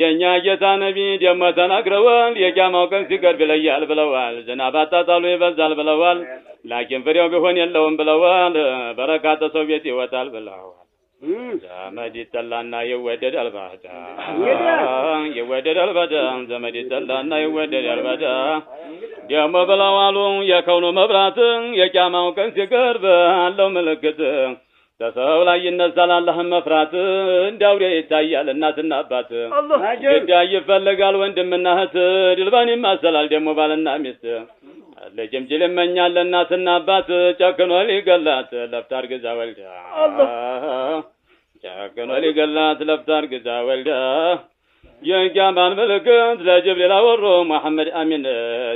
የእኛ ጌታ ነቢይ ደግሞ ተናግረዋል። የቂያማው ቀን ሲቀርብ ይለያል ብለዋል። ዝናብ አጣጣሉ ይበዛል ብለዋል። ላኪን ፍሬው ቢሆን የለውም ብለዋል። በረካተ ሰው ቤት ይወጣል ብለዋል። ዘመድ ይጠላና ይወደዳል ባዳ ይወደዳል ባዳ ዘመድ ይጠላና ይወደዳል ባዳ ደግሞ ብለዋሉ የከውኑ መብራት የቂያማው ቀን ሲቀርብ አለው ምልክት ከሰው ላይ ይነሳል አላህን መፍራት እንዳውሬ ይታያል እናትና አባት ግዳ ይፈልጋል ወንድምና እህት ድልባን ይማሰላል ደግሞ ባልና ሚስት ለጅምጅል ይመኛል እናትና አባት ጨክኖ ሊገላት ለፍታር ግዛ ወልዳ ጨክኖ ሊገላት ለፍታር ግዛ ወልዳ የቂያማን ምልክት ለጅብሪል አወሮ መሐመድ አሚን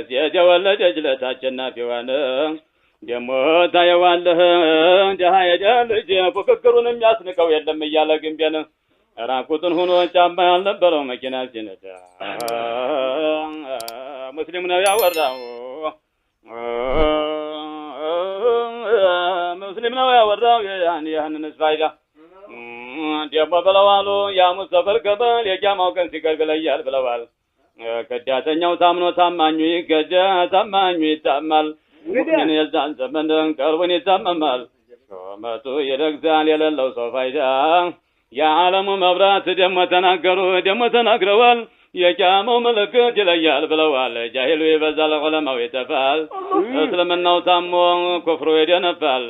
ሴት የወለደች ዕለት አሸናፊዋን ደሞ ታየዋለህ ደሃ የደል ልጅ ፉክክሩን የሚያስንቀው የለም እያለ ግንቤን ራቁትን ሆኖ ጫማ ያልነበረው መኪና ሲነዳ ሙስሊም ነው ያወራው፣ ሙስሊም ነው ያወራው ያን ያህንን ስፋይዳ ደሞ ብለዋሉ። የሐሙስ ሰፈር ገበል የጃማው ቀን ሲቀርብ ይለያል ብለዋል። ከዳተኛው ታምኖ ታማኙ ይገጃ ታማኙ ይታማል። ሙእሚን የዛን ዘመን ቀልቡን ይታመማል። ሾመቱ ይረግዛል የሌለው ሰው ፋይዳ የዓለሙ መብራት ደግሞ ተናገሩ ደግሞ ተናግረዋል። የቂያማው ምልክት ይለያል ብለዋል። ጃሂሉ ይበዛል፣ ዑለማው ይጠፋል። እስልምናው ታሞ ኩፍሩ ይደነፋል።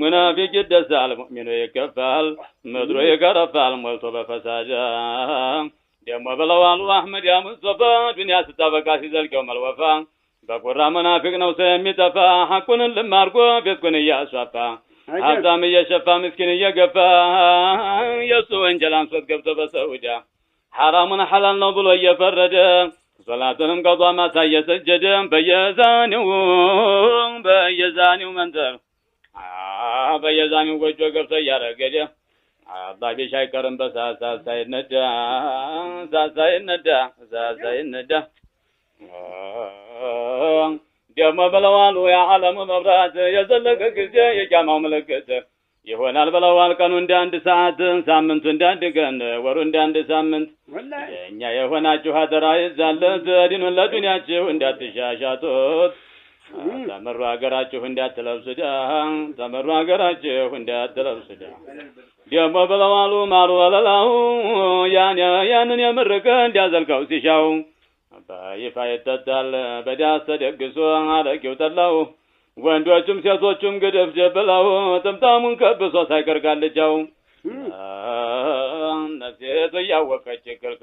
ሙናፊቅ ይደሳል፣ ሙእሚኑ ይከፋል። ምድሩ ይገረፋል ሞልቶ በፈሳዳ ደሞ ብለዋሉ አሕመድ ያ ሙስጠፋ ዱንያ ስታበቃ ሲዘልቀው መልወፋ በቁራ መናፊቅ ነው የሚጠፋ ሐቁን ልም አድርጎ ቤትኩን እያስፋፋ ሀብታም እየሸፋ ምስኪን እየገፋ የእሱ ወንጀል አንሶት ገብቶ በሰውዳ ሐራሙን ሐላል ነው ብሎ እየፈረደ ሶላትንም ቀጧ ማታ እየሰጀደ በየዛኔው በየዛኔው መንተር በየዛኔው ጎጆ ገብቶ እያረገደ አባቢ ሻይቀርም በሳሳ ሳይነዳ ሳሳ ይነዳ ሳሳ ይነዳ ደግሞ ብለዋል የዓለሙ መብራት የዘለቀ ጊዜ የቂያማው ምልክት ይሆናል ብለዋል። ቀኑ እንደ አንድ ሰዓት፣ ሳምንቱ እንደ አንድ ቀን፣ ወሩ እንደ አንድ ሳምንት። እኛ የሆናችሁ ሀደራ ይዛለ ዘዲኑን ለዱንያችሁ እንዳትሻሻጡት፣ ተመሩ ሀገራችሁ እንዳትለብሱ ተመሩ ሀገራችሁ እንዳትለብሱ ዳ ደግሞ ብለዋሉ ማሩ ወለላሁ ያንን የምር እንዲያዘልቀው ሲሻው በይፋ ይጠጣል በዳስ ተደግሶ አረቂው ጠላው ወንዶቹም ሴቶቹም ግድፍ ብለው ጥምጣሙን ከብሶ ሳይቀርጋልጃው ጋልጃው ነፍሴቱ እያወቀች ክልክል